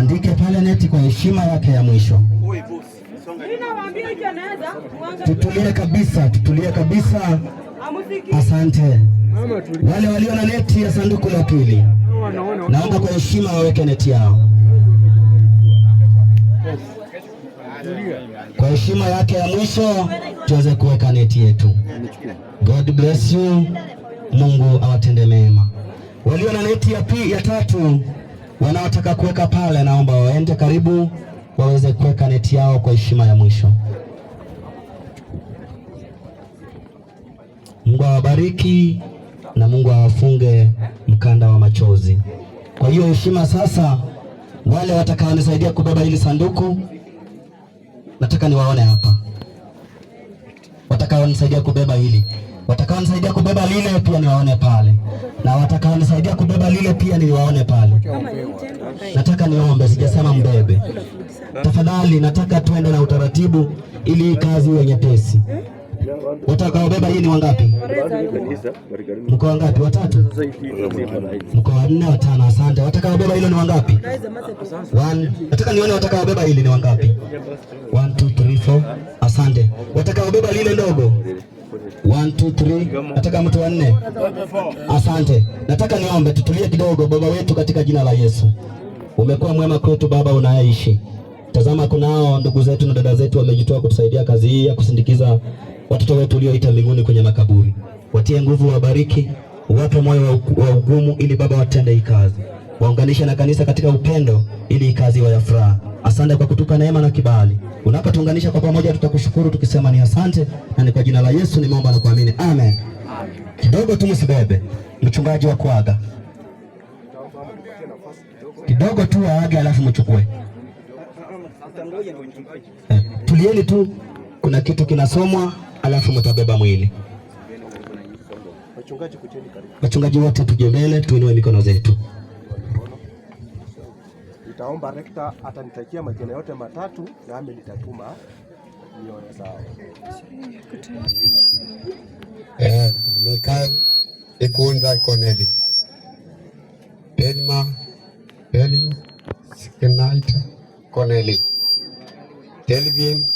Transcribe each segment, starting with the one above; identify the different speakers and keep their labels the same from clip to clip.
Speaker 1: niandike pale neti kwa heshima yake ya mwisho. Tutulie kabisa, tutulie kabisa. Asante wale walio na neti ya sanduku la pili, naomba kwa heshima waweke neti yao kwa heshima yake ya mwisho, tuweze kuweka neti yetu. God bless you. Mungu awatende mema. Walio na neti ya, pili, ya tatu wanaotaka kuweka pale, naomba waende karibu waweze kuweka neti yao kwa heshima ya mwisho. Mungu awabariki na Mungu awafunge mkanda wa machozi. Kwa hiyo heshima sasa, wale watakaonisaidia kubeba hili sanduku nataka niwaone hapa, watakaonisaidia kubeba hili watakaonisaidia kubeba lile pia niwaone pale, na watakaonisaidia kubeba lile pia niwaone pale. Nataka niombe, sijasema mbebe. Tafadhali nataka tuende na utaratibu ili kazi iwe nyepesi. Watakaobeba hii ni wangapi? Mko wangapi? Watatu, mko wanne, watano. Asante. Watakaobeba hilo ni wangapi? Nataka nione watakaobeba hili ni wangapi? One, two, three, four. Asante. Watakaobeba lile ndogo One, two, three. Nataka mtu wa nne. Asante, nataka niombe tutulie kidogo. Baba wetu katika jina la Yesu, umekuwa mwema kwetu, Baba unayeishi. Tazama, kunao ndugu zetu na dada zetu wamejitoa kutusaidia kazi hii ya kusindikiza watoto wetu ulioita mbinguni kwenye makaburi. Watie nguvu, wabariki, wape moyo wa ugumu, ili Baba watende hii kazi, waunganishe na kanisa katika upendo, ili kazi wa ya furaha Asante kwa kutupa neema na kibali. Unapotuunganisha kwa pamoja, tutakushukuru tukisema ni asante, na ni kwa jina la Yesu nimeomba na kuamini, amen. Kidogo tu msibebe, mchungaji wa kuaga kidogo tu waage, alafu mchukue. Eh, tulieni tu, kuna kitu kinasomwa, alafu mtabeba mwili. Wachungaji wote tuje mbele, tuinue mikono zetu. Nitaomba rekta atanitakia majina yote matatu,
Speaker 2: nami nitatuma mioyo zao. Eh, Mikael Ikunza Koneli Pelma Pelim Sikinait Koneli Telvin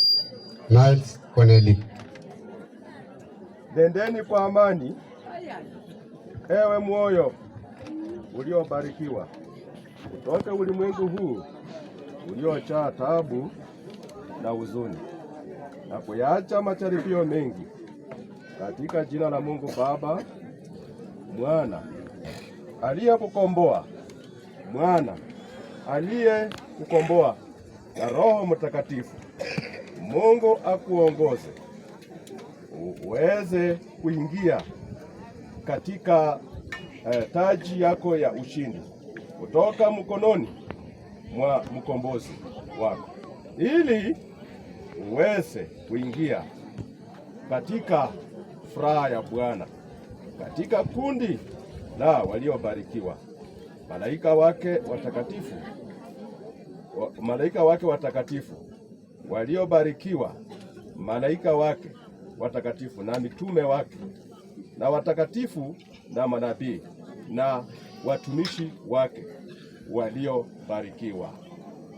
Speaker 2: Niles Koneli.
Speaker 3: Dendeni kwa amani, ewe mwoyo uliobarikiwa kutoka ulimwengu huu uliojaa taabu na huzuni na kuyaacha majaribio mengi, katika jina la Mungu Baba, Mwana aliyekukomboa, Mwana aliyekukomboa na Roho Mtakatifu. Mungu akuongoze uweze kuingia katika eh, taji yako ya ushindi kutoka mkononi mwa mkombozi wako ili uweze kuingia katika furaha ya Bwana, katika kundi la waliobarikiwa. Malaika wake watakatifu, malaika wake watakatifu waliobarikiwa, malaika wake watakatifu na mitume wake na watakatifu na manabii na watumishi wake waliobarikiwa.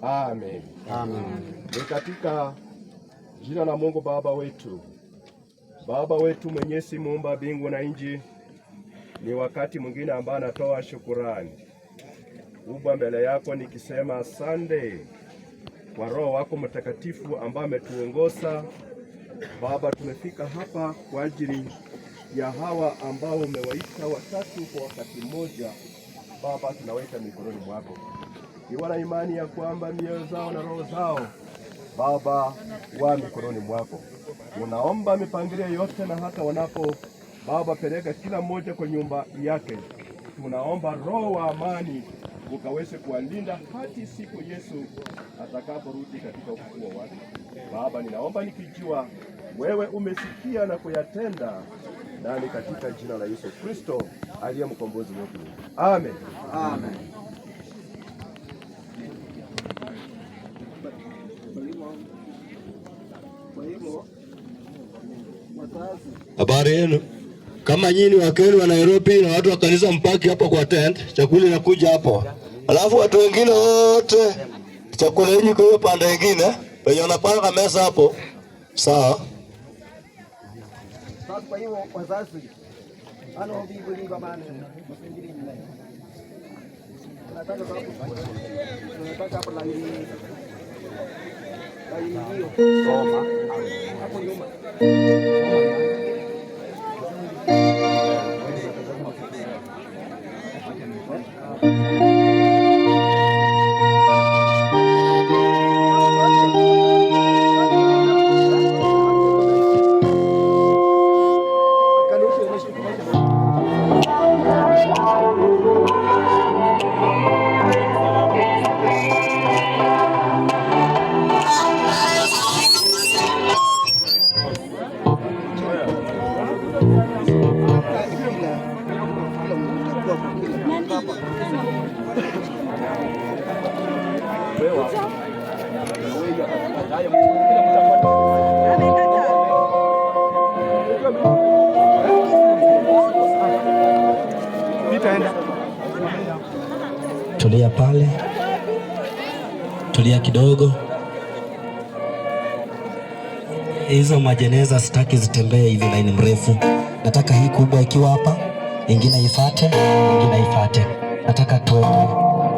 Speaker 3: Amen. Amen. Ni katika jina la Mungu Baba wetu. Baba wetu mwenyezi muumba bingu na nchi, ni wakati mwingine ambao anatoa shukurani kubwa mbele yako nikisema asante kwa Roho wako Mtakatifu ambaye ametuongoza Baba, tumefika hapa kwa ajili ya hawa ambao umewaita watatu kwa wakati mmoja, Baba, tunaweka mikononi mwako, ikiwa na imani ya kwamba mioyo zao na roho zao Baba wa mikononi mwako, unaomba mipangilio yote, na hata wanapo Baba peleka kila mmoja kwa nyumba yake. Tunaomba roho wa amani ukaweze kuwalinda hadi siku Yesu atakaporudi katika ufufuo wake. Baba, ninaomba nikijua wewe umesikia na kuyatenda na ni katika jina la Yesu Kristo aliye mkombozi wetu. Amen.
Speaker 4: Amen.
Speaker 5: Habari yenu. Kama nyinyi wakenu wa Nairobi na watu wa kanisa mpaki hapo kwa tent, chakula inakuja hapo. Alafu watu wengine wote chakula yenyu kwa pande nyingine, wenye wanapanga meza hapo. Sawa watu. Kwa hiyo wazazi, anavivulivamane
Speaker 1: Tulia pale, tulia kidogo. Hizo majeneza sitaki zitembee hivi laini mrefu. Nataka hii kubwa ikiwa hapa, ingine ifate, ingine ifate. Nataka tuende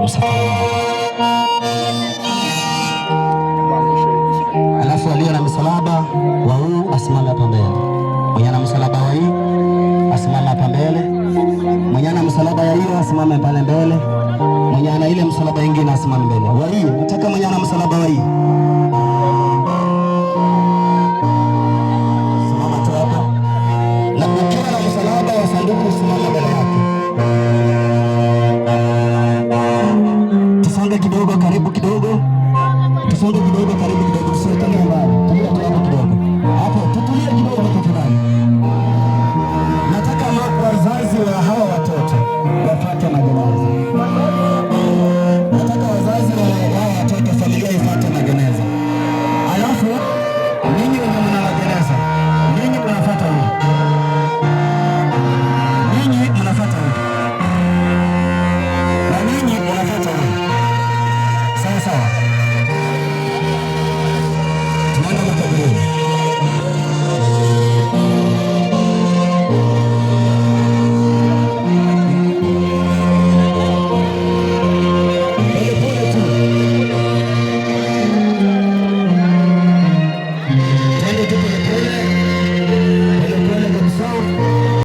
Speaker 1: msafara asimame hapa mbele. Mwenye ana msalaba wa hii asimame hapa mbele. Mwenye ana msalaba ya hiyo asimame pale mbele. Mwenye ana ile msalaba ingine asimame mbele. Wa hii nataka mwenye ana msalaba wa hii